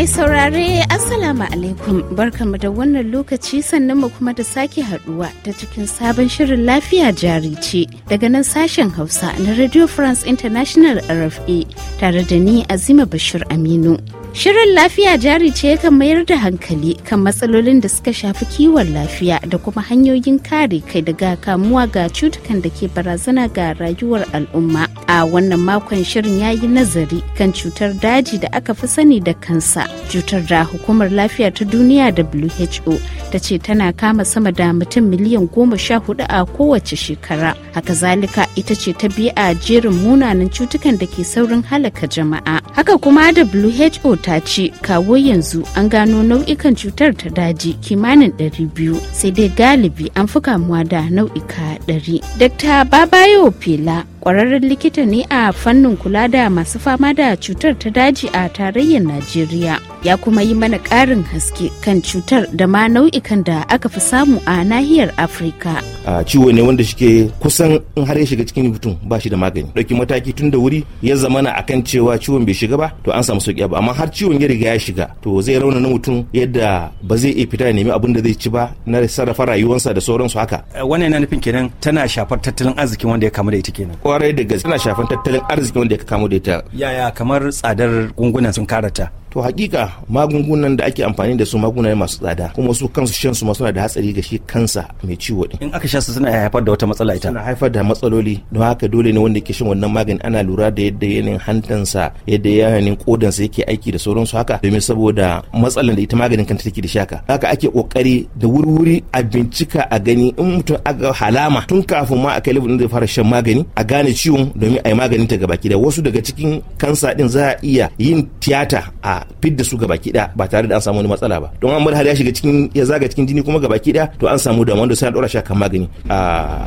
Mai saurare Assalamu alaikum barkamu da wannan lokaci sannan mu kuma da sake haduwa ta cikin sabon shirin lafiya jari ce daga nan sashen Hausa na Radio France International RFA tare da ni Azima Bashir Aminu. Shirin lafiya jari ce kan mayar da hankali kan matsalolin da suka shafi kiwon lafiya da kuma hanyoyin kare kai daga kamuwa ga cutukan da ke barazana ga rayuwar al'umma. A wannan makon shirin ya yi nazari kan cutar daji da aka fi sani da kansa, cutar da hukumar lafiya ta duniya WHO ta ce tana kama sama da mutum miliyan goma sha hudu a kowace shekara. Haka zalika ita ce ta biya a jerin munanan cutukan da ke saurin halaka jama'a. Haka kuma WHO ta ce kawo yanzu an gano nau'ikan cutar ta daji kimanin 200 sai dai galibi an fi kamuwa da nau'ika 100. Dr. Babayo Fela kwararren likita ne a fannin kula da masu fama da cutar ta daji a tarayyar najeriya ya kuma yi mana karin haske kan cutar da ma nau'ikan da aka fi samu a nahiyar afirka a ciwo ne wanda shike kusan in har ya shiga cikin mutum ba shi da magani dauki mataki tun da wuri ya zamana akan cewa ciwon bai shiga ba to an samu sauki ba amma har ciwon ya riga ya shiga to zai rauna na mutum yadda ba zai iya fita ya nemi abin da zai ci ba na sarrafa rayuwarsa da sauransu haka wannan yana nufin kenan tana shafar tattalin arzikin wanda ya kamu da ita kenan kwarai da gaske tana shafan tattalin arziki wanda ya kamo da ita yaya kamar tsadar gungunan sun karata to hakika magungunan da ake amfani da su magunguna masu tsada kuma su kansu shan su suna da hatsari ga shi kansa mai ciwo din in aka sha su suna haifar da wata matsala ita suna haifar da matsaloli don haka dole ne wanda ke shan wannan magani ana lura da yadda yanayin hantansa yadda yanayin kodansa yake aiki da su haka domin saboda matsalan da ita maganin kanta take da shaka haka ake kokari da wuri-wuri a bincika a gani in mutum aka halama tun kafin ma a kai da fara shan magani a gane ciwon domin a yi maganin ta gabaki da wasu daga cikin kansa din za a iya yin tiyata a fidda su gabaki daya ba tare da an samu wani matsala ba don an bar har ya shiga cikin ya zaga cikin jini kuma gabaki daya to an samu damuwa da sai an dora shi kan magani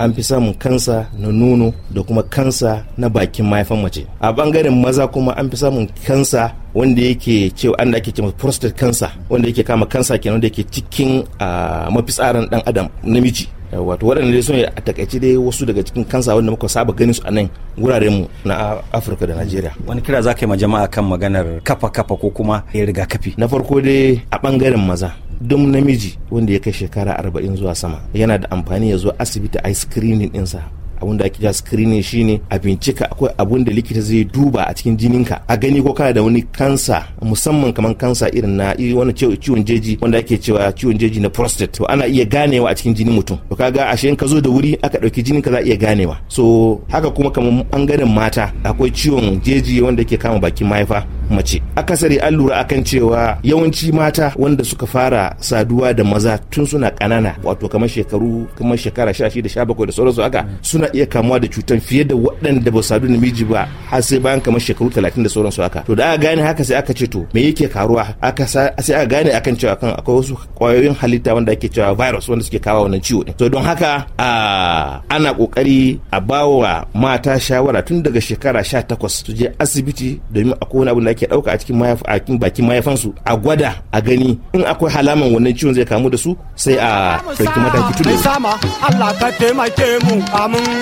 an fi samun kansa na nono da kuma kansa na bakin mahaifan mace a bangaren maza kuma an fi samun kansa wanda yake cewa an da ake cewa prostate cancer wanda yake kama cancer kenan wanda yake cikin mafitsarin dan adam namiji wato waɗanda dai sun a takaice dai wasu daga cikin kansa wanda muka saba ganin su a nan wuraren mu na afirka da najeriya wani kira za ka yi ma jama'a kan maganar kafa kafa ko kuma ya riga kafi. na farko dai a bangaren maza duk namiji wanda ya kai shekara arba'in zuwa sama yana da amfani ya zo asibiti a screening ɗinsa abun da ake kira screening shine a bincika akwai abun da likita zai duba a cikin jinin ka a gani ko kana da wani kansa musamman kamar kansa irin na iri wani ciwon jeji wanda ake cewa ciwon jeji na prostate to ana iya ganewa a cikin jinin mutum to kaga ashe in ka zo da wuri aka ɗauki jinin ka za iya ganewa so haka kuma kamar bangaren mata akwai ciwon jeji wanda ke kama bakin mahaifa mace akasari an lura akan cewa yawanci mata wanda suka fara saduwa da maza tun suna kanana wato kamar shekaru kamar shekara sha shida sha bakwai da sauransu haka suna iya kamuwa da cutan fiye da waɗanda ba sadu da miji ba har sai bayan kamar shekaru talatin da sauransu haka to da aka gane haka sai aka ce to me yake karuwa aka sai aka gane akan cewa kan akwai wasu kwayoyin halitta wanda ake cewa virus wanda suke kawo wannan ciwo din to don haka ana kokari a bawa mata shawara tun daga shekara sha takwas su je asibiti domin akwai wani abu da ake ke ɗauka a cikin a bakin mayafansu a gwada a gani in akwai halaman wannan ciwon zai kamu da su sai a ɗauki mataki tun ka taimake mu amin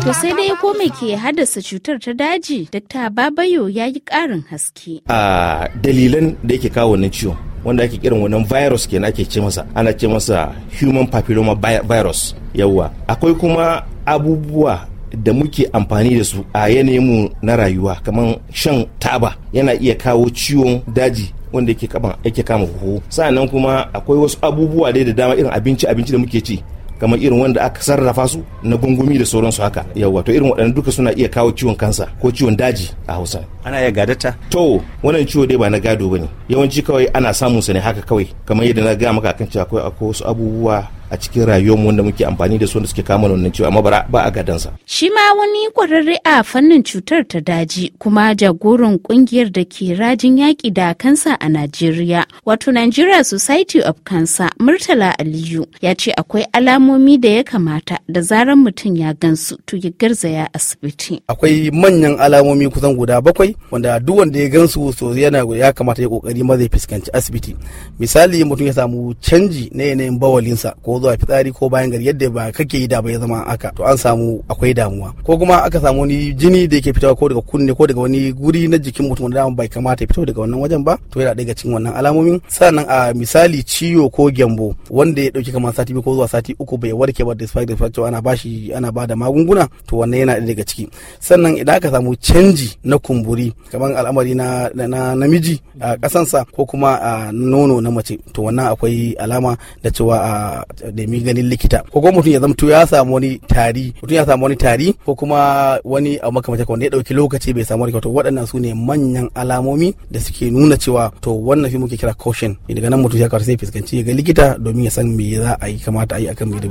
To sai dai ko me ke haddasa cutar ta daji? Dr. Babayo ya yi ƙarin haske. A dalilan da yake kawo wannan ciwon wanda ake kiran wannan virus kenan ake ce masa ana ce masa human papilloma virus yawwa akwai kuma abubuwa da muke amfani da su a yanayin mu na rayuwa kamar shan taba yana iya kawo ciwon daji wanda yake kama yake kama huhu sannan kuma akwai wasu abubuwa dai da dama irin abinci abinci da muke ci kamar irin wanda aka sarrafa su na gungumi da sauransu haka yawa to irin waɗannan duka suna iya kawo ciwon kansa ko ciwon daji a hausa ana iya gadata to wannan ciwo dai ba na gado bane yawanci kawai ana samun sa ne haka kawai kamar yadda na ga maka kan cewa akwai wasu abubuwa a cikin rayuwarmu wanda muke amfani da su wanda suke kama wannan ciwo amma ba a gadansa. Shi ma wani kwararre a fannin cutar ta daji kuma jagoran kungiyar da ke rajin yaki da kansa a Najeriya wato Nigeria Society of Cancer Murtala Aliyu ya ce akwai alamomi da ya kamata da zaran mutum ya gansu to ya garzaya asibiti. Akwai manyan alamomi kusan guda bakwai wanda duk wanda ya gansu so yana ya kamata ya kokari ma zai fuskanci asibiti. Misali mutum ya samu canji na yanayin bawalinsa ko zuwa fitsari ko bayan gari yadda ba kake yi da ba ya zama haka to an samu akwai damuwa ko kuma aka samu wani jini da yake fitowa ko daga kunne ko daga wani guri na jikin mutum da dama bai kamata ya fito daga wannan wajen ba to yana daga cikin wannan alamomin sannan a misali ciwo ko gyambo wanda ya dauki kamar sati biyu ko zuwa sati uku bai warke ba despite da fact ana bashi ana ba da magunguna to wannan yana daga ciki sannan idan aka samu canji na kumburi kamar al'amari na namiji a kasansa ko kuma a nono na mace to wannan akwai alama da cewa a nemi ganin likita ko kuma mutum ya zamto ya samu wani tari mutum ya samu wani tari ko kuma wani makamata makamacin wanda ya dauki lokaci bai samu warkewa to waɗannan su ne manyan alamomi da suke nuna cewa to wannan fi muke kira caution eh, daga nan mutum ya karsa sai fuskanci ga likita domin ya san me za a yi kamata a yi akan mai da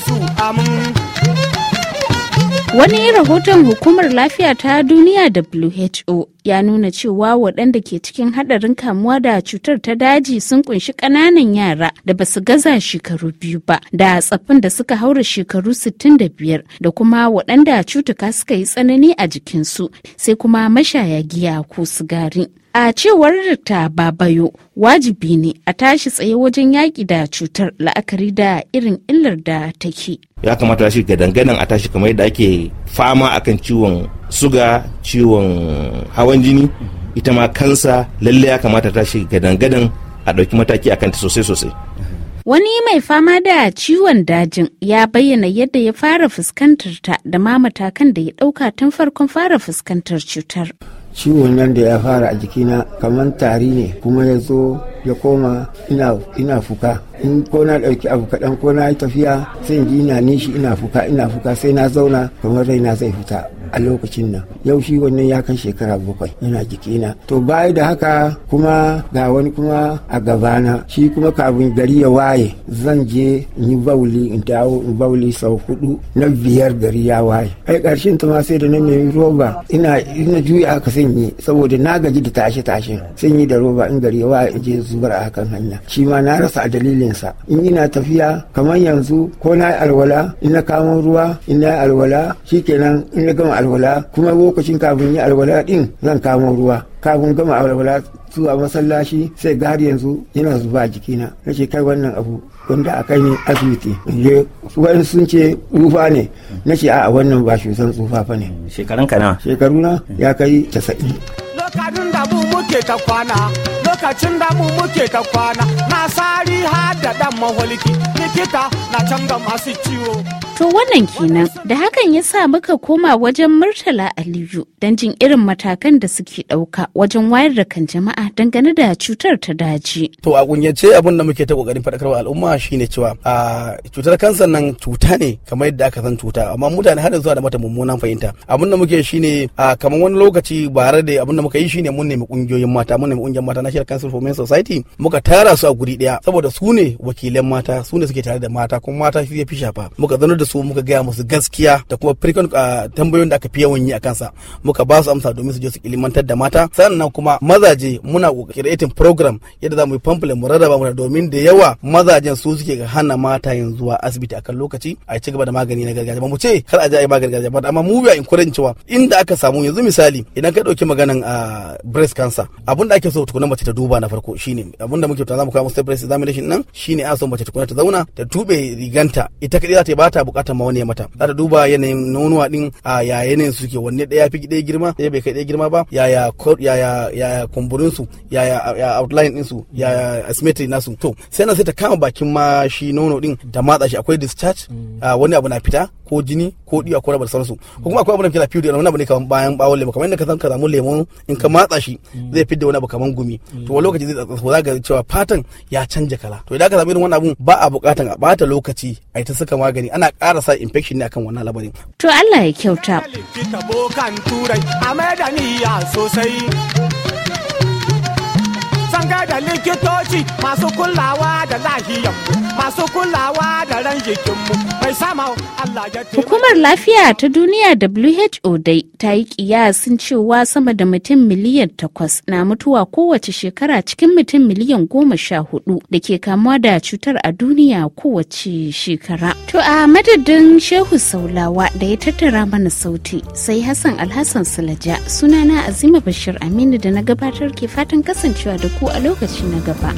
sa. Wani rahoton hukumar lafiya ta duniya WHO ya nuna cewa waɗanda ke cikin haɗarin kamuwa da cutar ta daji sun kunshi ƙananan yara da basu gaza shekaru biyu ba da tsaffin da suka haura shekaru 65 da kuma waɗanda cutuka suka yi tsanani a jikinsu sai kuma mashaya giya ko sigari. A cewar ta babayo wajibi ne a tashi tsaye wajen yaƙi da cutar la'akari da irin illar da take. Ya kamata shi dangane a tashi kamar yadda ake fama akan ciwon suga ciwon hawan jini ita ma kansa lalle ya kamata ta shi gadan-gadan a ɗauki mataki a kanta sosai-sosai Wani mai fama da ciwon dajin ya bayyana yadda ya fara fuskantar ta da ma matakan da ya ɗauka tun farkon fara fuskantar cutar. Ciwon nan da ya fara a jikina kamar tari ne kuma ya zo ya koma ina, ina fuka in ko na ɗauki abu kaɗan ko na yi tafiya sai ji na nishi ina fuka ina fuka sai na zauna kamar raina zai fita a lokacin nan yau shi wannan ya kan shekara bakwai yana jikina to baya da haka kuma ga wani kuma a gabana shi kuma kafin gari ya waye zan je in yi bauli in dawo in bauli sau hudu na biyar gari ya waye ai karshen ta ma sai da na nemi roba ina ina juya aka sanyi saboda na gaji da tashe tashe sanyi da roba in gari ya waye in je zubar a kan hanya shi ma na rasa a dalilin dalilinsa in ina tafiya kamar yanzu ko na yi alwala in na kamo ruwa in na yi alwala shikenan in na gama alwala kuma lokacin kafin yi alwala din zan kamo ruwa kafin gama alwala zuwa masallaci sai ga har yanzu yana zuba jikina na ce kai wannan abu wanda a kai ne asibiti je wani sun ce tsufa ne na ce a wannan ba shi san tsufa fa ne shekaran kana shekaru na ya kai 90 lokacin da bu muke ta kwana lokacin mu muke ta kwana na sari har da dan maholiki likita na canza masu ciwo To wannan kenan da hakan ya sa muka koma wajen Murtala Aliyu don jin irin matakan da suke ɗauka wajen wayar da kan jama'a dangane da cutar ta daji. To a kunyace abin da muke ta kokarin faɗakarwa al'umma shine cewa a cutar kansa nan cuta ne kamar yadda aka san cuta amma mutane har zuwa da mata mummunan fahimta. Abin da muke shine a kamar wani lokaci bare da abin da muka yi shine mun nemi kungiyoyin mata mun nemi kungiyar mata na National Council for Women Society muka tara su a guri ɗaya saboda su ne wakilan mata su ne suke tare da mata kuma mata shi ya fi shafa muka zanar da da su muka gaya musu gaskiya da kuma frequent ah, tambayoyin da aka fi yawan yi a kansa muka ba su amsa domin su je su ilimantar da mata sannan kuma mazaje muna creating program yadda za mu yi pamphlet mu rarraba mu domin da yawa mazajen su suke ga hana mata yin zuwa asibiti akan lokaci a ci gaba da magani na gargajiya ba mu ce kar a je a yi magani gargajiya ba amma mu biya encourage cewa inda aka samu yanzu misali idan ka dauki maganan ah, breast cancer abin da ake so tukuna mace ta duba na farko shine abin da muke za mu kawo musu breast examination nan shine a so mace tukuna ta zauna ta tube riganta ita kadai za ta ba ta bukatar ma wani ya mata za ta duba yanayin nonuwa din a ya yanayin suke wanne ɗaya fi ɗaya girma ɗaya bai kai ɗaya girma ba yaya yaya yaya kumburin su yaya outline din su yaya asymmetry nasu to sai na sai ta kama bakin ma shi nono din da matsa shi akwai discharge mm. wani abu na fita ko jini ko diya ko rabar sarsu ko kuma akwai abin da kira fiyo da wani abu ne kamar bayan bawon lemu kamar yadda ka san ka samu lemu in ka matsa shi zai fidda wani abu kamar gumi to wani lokaci zai tsatsa za ga cewa fatan ya canja kala to idan ka samu irin wani abun ba a bukatan a bata lokaci a yi ta saka magani ana ƙara sa infection ne akan wannan labarin to Allah ya kyauta da likitoci masu kulawa da lahiyar masu kulawa da ran jikinmu mai sama Allah ya Hukumar lafiya ta duniya WHO dai ta yi kiyasin cewa sama da mutum miliyan takwas na mutuwa kowace shekara cikin mutum miliyan goma sha hudu da ke kamuwa da cutar a duniya kowace shekara. To a madadin Shehu Saulawa da ya tattara mana sauti sai Hassan Alhassan Sulaja sunana Azima Bashir Aminu da na gabatar ke fatan kasancewa da ku a lokacin 去那个吧。